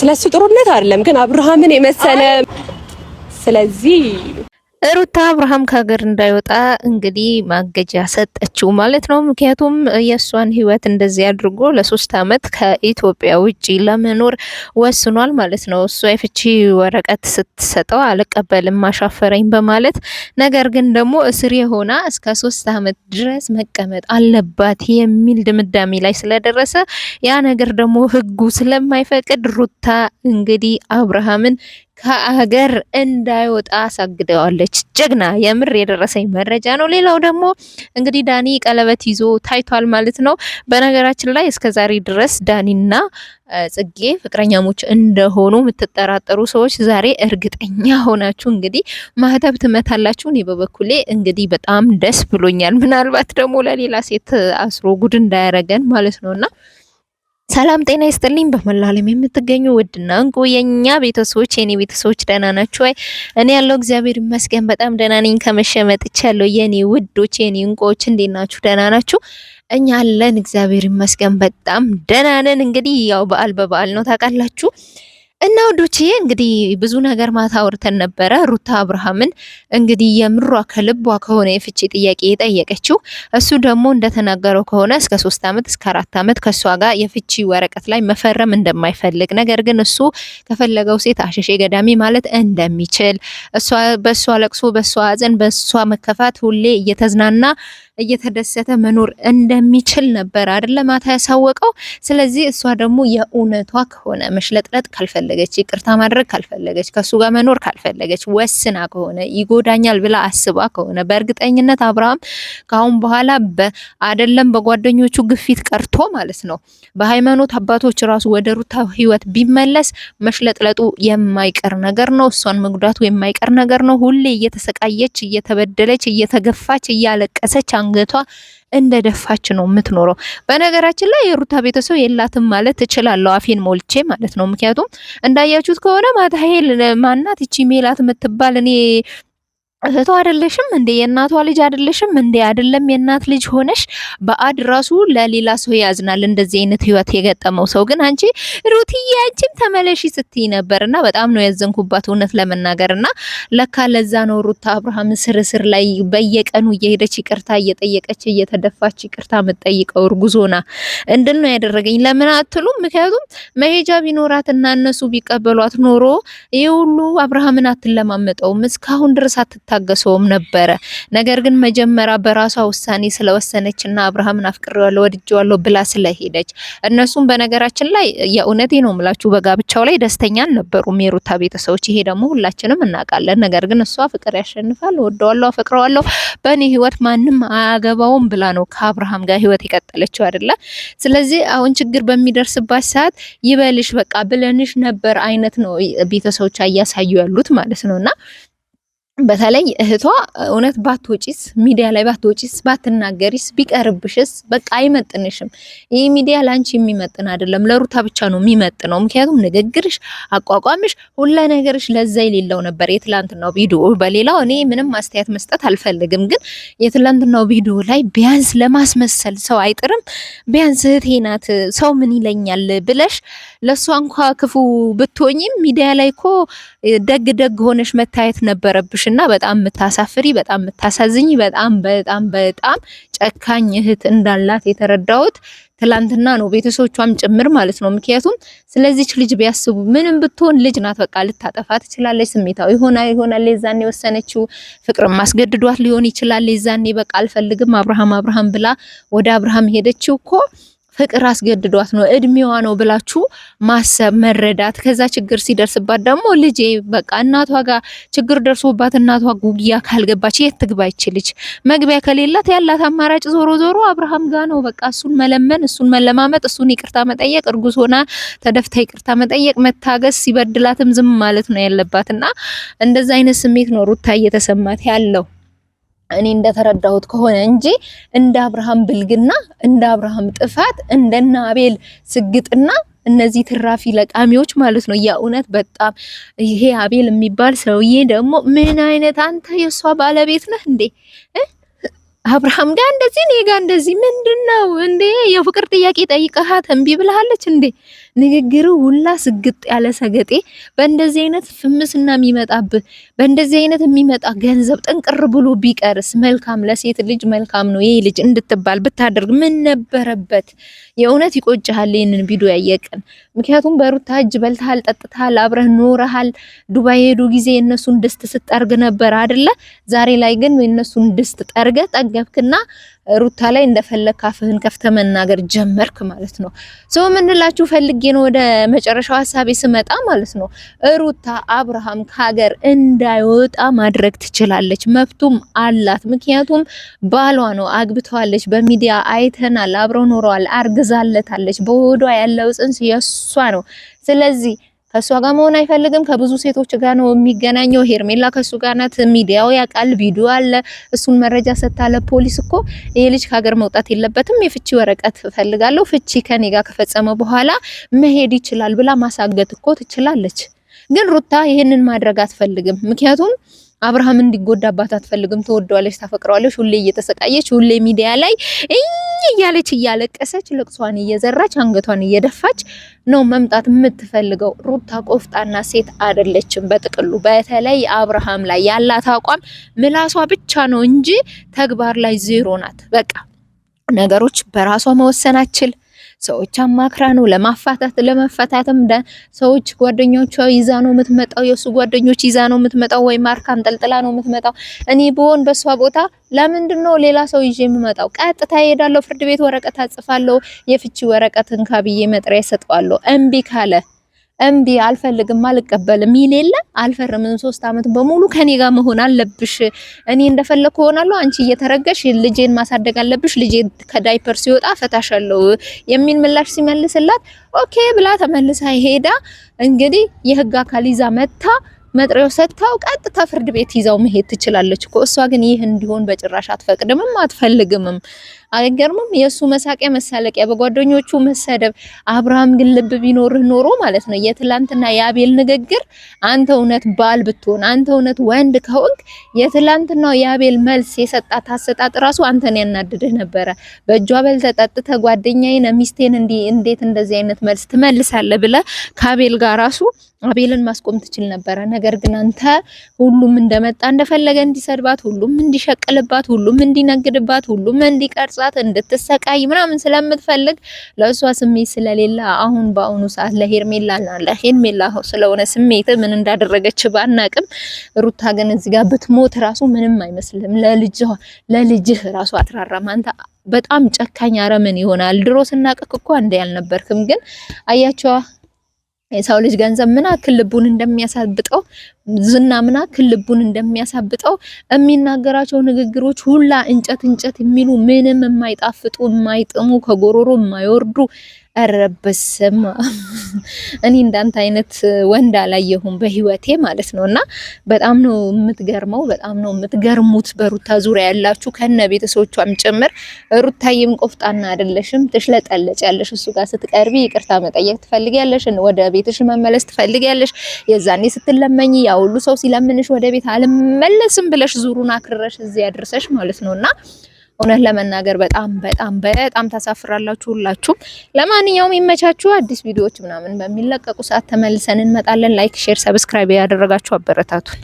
ስለሱ ጥሩነት አይደለም ግን አብርሃምን የመሰለ ስለዚህ ሩታ አብርሃም ከሀገር እንዳይወጣ እንግዲህ ማገጃ ሰጠችው ማለት ነው። ምክንያቱም የእሷን ህይወት እንደዚህ አድርጎ ለሶስት አመት ከኢትዮጵያ ውጭ ለመኖር ወስኗል ማለት ነው። እሷ የፍቺ ወረቀት ስትሰጠው አልቀበልም አሻፈረኝ በማለት ነገር ግን ደግሞ እስር የሆና እስከ ሶስት አመት ድረስ መቀመጥ አለባት የሚል ድምዳሜ ላይ ስለደረሰ ያ ነገር ደግሞ ህጉ ስለማይፈቅድ ሩታ እንግዲህ አብርሃምን ከሀገር እንዳይወጣ አሳግደዋለች። ጀግና የምር የደረሰኝ መረጃ ነው። ሌላው ደግሞ እንግዲህ ዳኒ ቀለበት ይዞ ታይቷል ማለት ነው። በነገራችን ላይ እስከዛሬ ድረስ ዳኒና ጽጌ ፍቅረኛሞች እንደሆኑ የምትጠራጠሩ ሰዎች ዛሬ እርግጠኛ ሆናችሁ እንግዲህ ማህተብ ትመታላችሁ። እኔ በበኩሌ እንግዲህ በጣም ደስ ብሎኛል። ምናልባት ደግሞ ለሌላ ሴት አስሮ ጉድ እንዳያረገን ማለት ነውና ሰላም ጤና ይስጥልኝ። በመላው ዓለም የምትገኙ ውድና እንቁ የኛ ቤተሰቦች የኔ ቤተሰቦች ደህና ናችሁ ወይ? እኔ ያለው እግዚአብሔር ይመስገን በጣም ደህና ነኝ። ከመሸ መጥቻለሁ። የኔ ውዶች የኔ እንቁዎች እንዴት ናችሁ? ደህና ናችሁ? እኛ አለን እግዚአብሔር ይመስገን በጣም ደህና ነን። እንግዲህ ያው በዓል በበዓል ነው ታውቃላችሁ። እና ወዶችዬ እንግዲህ ብዙ ነገር ማታ አውርተን ነበረ። ሩታ አብርሃምን እንግዲህ የምሯ ከልቧ ከሆነ የፍቺ ጥያቄ የጠየቀችው እሱ ደግሞ እንደተናገረው ከሆነ እስከ ሶስት ዓመት እስከ አራት አመት ከእሷ ጋር የፍቺ ወረቀት ላይ መፈረም እንደማይፈልግ ነገር ግን እሱ ከፈለገው ሴት አሸሼ ገዳሚ ማለት እንደሚችል እሷ በእሷ ለቅሶ በእሷ አዘን በእሷ መከፋት ሁሌ እየተዝናና እየተደሰተ መኖር እንደሚችል ነበር አይደለ ማታ ያሳወቀው። ስለዚህ እሷ ደግሞ የእውነቷ ከሆነ መሽለጥለጥ ካልፈለገች፣ ይቅርታ ማድረግ ካልፈለገች፣ ከሱ ጋር መኖር ካልፈለገች፣ ወስና ከሆነ ይጎዳኛል ብላ አስባ ከሆነ በእርግጠኝነት አብርሃም ከአሁን በኋላ አይደለም በጓደኞቹ ግፊት ቀርቶ ማለት ነው በሃይማኖት አባቶች ራሱ ወደ ሩታ ህይወት ቢመለስ መሽለጥለጡ የማይቀር ነገር ነው። እሷን መጉዳቱ የማይቀር ነገር ነው። ሁሌ እየተሰቃየች እየተበደለች እየተገፋች እያለቀሰች አንገቷ እንደደፋች ነው የምትኖረው። በነገራችን ላይ የሩታ ቤተሰብ የላትም ማለት እችላለሁ አፌን ሞልቼ ማለት ነው። ምክንያቱም እንዳያችሁት ከሆነ ሄል ማናት ይቺ ሜላት የምትባል እኔ እህቷ አይደለሽም እንዴ? የእናቷ ልጅ አይደለሽም እንዴ? አይደለም የእናት ልጅ ሆነሽ በአድ ራሱ ለሌላ ሰው ያዝናል። እንደዚህ አይነት ህይወት የገጠመው ሰው ግን አንቺ ሩትዬ አንቺም ተመለሺ ስትይ ነበር እና በጣም ነው ያዘንኩባት እውነት ለመናገር እና ለካ ለዛ ነው ሩታ አብርሃም ስር ስር ላይ በየቀኑ እየሄደች ይቅርታ እየጠየቀች እየተደፋች ይቅርታ የምትጠይቀው እርጉዞና እንድን ነው ያደረገኝ። ለምን አትሉም? ምክንያቱም መሄጃ ቢኖራት እና እነሱ ቢቀበሏት ኖሮ ይህ ሁሉ አብርሃምን አትለማመጠውም እስካሁን ድረስ አልታገሰውም ነበረ። ነገር ግን መጀመሪያ በራሷ ውሳኔ ስለወሰነች እና አብርሃምን አፍቅሬዋለሁ ወድጄዋለሁ ብላ ስለሄደች እነሱም በነገራችን ላይ የእውነቴ ነው ምላችሁ በጋብቻው ላይ ደስተኛ አልነበሩም የሩታ ቤተሰቦች። ይሄ ደግሞ ሁላችንም እናውቃለን። ነገር ግን እሷ ፍቅር ያሸንፋል፣ ወደዋለሁ፣ አፈቅረዋለሁ፣ በእኔ ህይወት ማንም አያገባውም ብላ ነው ከአብርሃም ጋር ህይወት የቀጠለችው አይደለ? ስለዚህ አሁን ችግር በሚደርስባት ሰዓት ይበልሽ በቃ ብለንሽ ነበር አይነት ነው ቤተሰቦቿ እያሳዩ ያሉት ማለት ነውና በተለይ እህቷ እውነት ባትወጪስ ሚዲያ ላይ ባትወጪስ ባትናገሪስ ቢቀርብሽስ በቃ አይመጥንሽም። ይህ ሚዲያ ላንቺ የሚመጥን አይደለም፣ ለሩታ ብቻ ነው የሚመጥነው። ምክንያቱም ንግግርሽ፣ አቋቋምሽ፣ ሁለ ነገርሽ ለዛ የሌለው ነበር የትላንትናው ቪዲዮ። በሌላው እኔ ምንም አስተያየት መስጠት አልፈልግም፣ ግን የትላንትናው ቪዲዮ ላይ ቢያንስ ለማስመሰል ሰው አይጥርም፣ ቢያንስ እህቴ ናት ሰው ምን ይለኛል ብለሽ ለእሷ እንኳ ክፉ ብትሆኝም ሚዲያ ላይ እኮ ደግ ደግ ሆነሽ መታየት ነበረብሽ። እና በጣም የምታሳፍሪ፣ በጣም የምታሳዝኝ፣ በጣም በጣም በጣም ጨካኝ እህት እንዳላት የተረዳሁት ትላንትና ነው። ቤተሰቦቿም ጭምር ማለት ነው። ምክንያቱም ስለዚች ልጅ ቢያስቡ ምንም ብትሆን ልጅ ናት፣ በቃ ልታጠፋ ትችላለች። ስሜታዊ ሆና ይሆናል የዛኔ የወሰነችው። ፍቅርም ማስገድዷት ሊሆን ይችላል የዛኔ በቃ አልፈልግም አብርሃም አብርሃም ብላ ወደ አብርሃም ሄደችው እኮ ፍቅር አስገድዷት ነው እድሜዋ ነው ብላችሁ ማሰብ መረዳት። ከዛ ችግር ሲደርስባት ደግሞ ልጄ በቃ እናቷ ጋር ችግር ደርሶባት እናቷ ጉግያ ካልገባች የት ትግባ ይችልች? መግቢያ ከሌላት ያላት አማራጭ ዞሮ ዞሮ አብርሃም ጋ ነው። በቃ እሱን መለመን፣ እሱን መለማመጥ፣ እሱን ይቅርታ መጠየቅ፣ እርጉዝ ሆና ተደፍታ ይቅርታ መጠየቅ፣ መታገስ፣ ሲበድላትም ዝም ማለት ነው ያለባት እና እንደዛ አይነት ስሜት ነው ሩታ እየተሰማት ያለው። እኔ እንደተረዳሁት ከሆነ እንጂ እንደ አብርሃም ብልግና፣ እንደ አብርሃም ጥፋት፣ እንደነ አቤል ስግጥና እነዚህ ትራፊ ለቃሚዎች ማለት ነው። የእውነት በጣም ይሄ አቤል የሚባል ሰውዬ ደግሞ ምን አይነት አንተ የእሷ ባለቤት ነህ እንዴ? አብርሃም ጋር እንደዚህ፣ እኔ ጋር እንደዚህ ምንድን ነው እንዴ? የፍቅር ጥያቄ ጠይቀሃት እምቢ እንዴ? ንግግር ሁላ ስግጥ ያለ ሰገጤ በእንደዚህ አይነት ፍምስና የሚመጣብህ በእንደዚህ አይነት የሚመጣ ገንዘብ ጥንቅር ብሎ ቢቀርስ መልካም፣ ለሴት ልጅ መልካም ነው ይሄ ልጅ እንድትባል ብታደርግ ምን ነበረበት? የእውነት ይቆጭሃል ይህንን ቢዶ ያየቀን። ምክንያቱም በሩታ እጅ በልተሃል፣ ጠጥተሃል፣ አብረህ ኖረሃል። ዱባይ ሄዱ ጊዜ የእነሱን ድስት ስጠርግ ነበር አይደለ? ዛሬ ላይ ግን የእነሱን ድስት ጠርገህ ጠገብክና ሩታ ላይ እንደፈለግ ካፍህን መናገር ጀመርክ ማለት ነው። ሰው ምንላችሁ ፈልግ አድርጌ ወደ መጨረሻው ሀሳቤ ስመጣ ማለት ነው። ሩታ አብርሃም ከሀገር እንዳይወጣ ማድረግ ትችላለች፣ መብቱም አላት። ምክንያቱም ባሏ ነው፣ አግብተዋለች፣ በሚዲያ አይተናል፣ አብረው ኖረዋል፣ አርግዛለታለች። በሆዷ ያለው ጽንስ የሷ ነው። ስለዚህ ከእሷ ጋር መሆን አይፈልግም። ከብዙ ሴቶች ጋር ነው የሚገናኘው። ሄርሜላ ከእሱ ጋር ናት። ሚዲያው ያውቃል፣ ቪዲዮ አለ። እሱን መረጃ ሰጥታለ። ፖሊስ እኮ ይሄ ልጅ ከሀገር መውጣት የለበትም፣ የፍቺ ወረቀት እፈልጋለሁ፣ ፍቺ ከኔ ጋር ከፈጸመ በኋላ መሄድ ይችላል ብላ ማሳገት እኮ ትችላለች። ግን ሩታ ይህንን ማድረግ አትፈልግም። ምክንያቱም አብርሃም እንዲጎዳባት አትፈልግም። ትወደዋለች፣ ታፈቅረዋለች። ሁሌ እየተሰቃየች ሁሌ ሚዲያ ላይ እያለች እያለቀሰች ልቅሷን እየዘራች አንገቷን እየደፋች ነው መምጣት የምትፈልገው። ሩታ ቆፍጣና ሴት አይደለችም። በጥቅሉ በተለይ አብርሃም ላይ ያላት አቋም ምላሷ ብቻ ነው እንጂ ተግባር ላይ ዜሮ ናት። በቃ ነገሮች በራሷ መወሰን አችል ሰዎች አማክራ ነው ለማፋታት ለመፈታትም ሰዎች ጓደኞቿ ይዛ ነው የምትመጣው፣ የእሱ ጓደኞች ይዛ ነው የምትመጣው፣ ወይ ማርካ አንጠልጥላ ነው የምትመጣው። እኔ ብሆን በሷ ቦታ ለምንድን ነው ሌላ ሰው ይዤ የምመጣው? ቀጥታ እሄዳለሁ፣ ፍርድ ቤት ወረቀት አጽፋለሁ፣ የፍቺ ወረቀት ካብዬ መጥሪያ እሰጠዋለሁ። እምቢ ካለ እምቢ አልፈልግም፣ አልቀበልም ይል የለ አልፈርምም፣ ሶስት አመት በሙሉ ከኔ ጋር መሆን አለብሽ፣ እኔ እንደፈለግ ከሆናለሁ፣ አንቺ እየተረገሽ ልጄን ማሳደግ አለብሽ፣ ልጄ ከዳይፐር ሲወጣ ፈታሻለሁ የሚል ምላሽ ሲመልስላት ኦኬ ብላ ተመልሳ ሄዳ እንግዲህ የህግ አካል ይዛ መታ መጥሪያው ሰጥታው ቀጥታ ፍርድ ቤት ይዛው መሄድ ትችላለች እኮ። እሷ ግን ይህ እንዲሆን በጭራሽ አትፈቅድምም አትፈልግምም። አይገርምም? የእሱ መሳቂያ መሳለቂያ፣ በጓደኞቹ መሰደብ። አብርሃም ግን ልብ ቢኖርህ ኖሮ ማለት ነው የትላንትና የአቤል ንግግር፣ አንተ እውነት ባል ብትሆን፣ አንተ እውነት ወንድ ከሆንክ የትላንትናው የአቤል መልስ የሰጣት አሰጣጥ ራሱ አንተን ያናድድህ ነበረ። በእጇ በል ተጠጥተ ጓደኛዬን ሚስቴን እንዴት እንደዚህ አይነት መልስ ትመልሳለህ ብለህ ከአቤል ጋር ራሱ አቤልን ማስቆም ትችል ነበረ። ነገር ግን አንተ ሁሉም እንደመጣ እንደፈለገ እንዲሰድባት፣ ሁሉም እንዲሸቅልባት፣ ሁሉም እንዲነግድባት፣ ሁሉም እንዲቀርጽ እንዲቀርጻት እንድትሰቃይ ምናምን ስለምትፈልግ ለእሷ ስሜት ስለሌለ አሁን በአሁኑ ሰዓት ለሄርሜላና ለሄርሜላ ስለሆነ ስሜት ምን እንዳደረገች ባናቅም፣ ሩታ ግን እዚህ ጋር ብትሞት ራሱ ምንም አይመስልም። ለልጅህ ለልጅህ ራሱ አትራራም አንተ በጣም ጨካኝ አረመን ይሆናል። ድሮ ስናቀቅ እኮ ያልነበርክም ግን አያቸዋ የሰው ልጅ ገንዘብ ምን አክል ልቡን እንደሚያሳብጠው ዝና ምን አክል ልቡን እንደሚያሳብጠው የሚናገራቸው ንግግሮች ሁላ እንጨት እንጨት የሚሉ ምንም የማይጣፍጡ የማይጥሙ ከጎሮሮ የማይወርዱ እረብስም እኔ እንዳንተ አይነት ወንድ አላየሁም በህይወቴ ማለት ነው። እና በጣም ነው የምትገርመው፣ በጣም ነው የምትገርሙት በሩታ ዙሪያ ያላችሁ ከነ ቤተሰቦቿም ጭምር። ሩታዬም ቆፍጣና አይደለሽም፣ ትሽለጠለጭ ያለሽ እሱ ጋር ስትቀርቢ ይቅርታ መጠየቅ ትፈልጊያለሽ፣ ወደ ቤትሽ መመለስ ትፈልጊያለሽ። የዛኔ ስትለመኝ ያ ሁሉ ሰው ሲለምንሽ ወደ ቤት አልመለስም ብለሽ ዙሩን አክርረሽ እዚህ ያድርሰሽ ማለት ነውና እውነት ለመናገር በጣም በጣም በጣም ታሳፍራላችሁ ሁላችሁም። ለማንኛውም ይመቻችሁ። አዲስ ቪዲዮዎች ምናምን በሚለቀቁ ሰዓት ተመልሰን እንመጣለን። ላይክ፣ ሼር፣ ሰብስክራይብ ያደረጋችሁ አበረታቱን።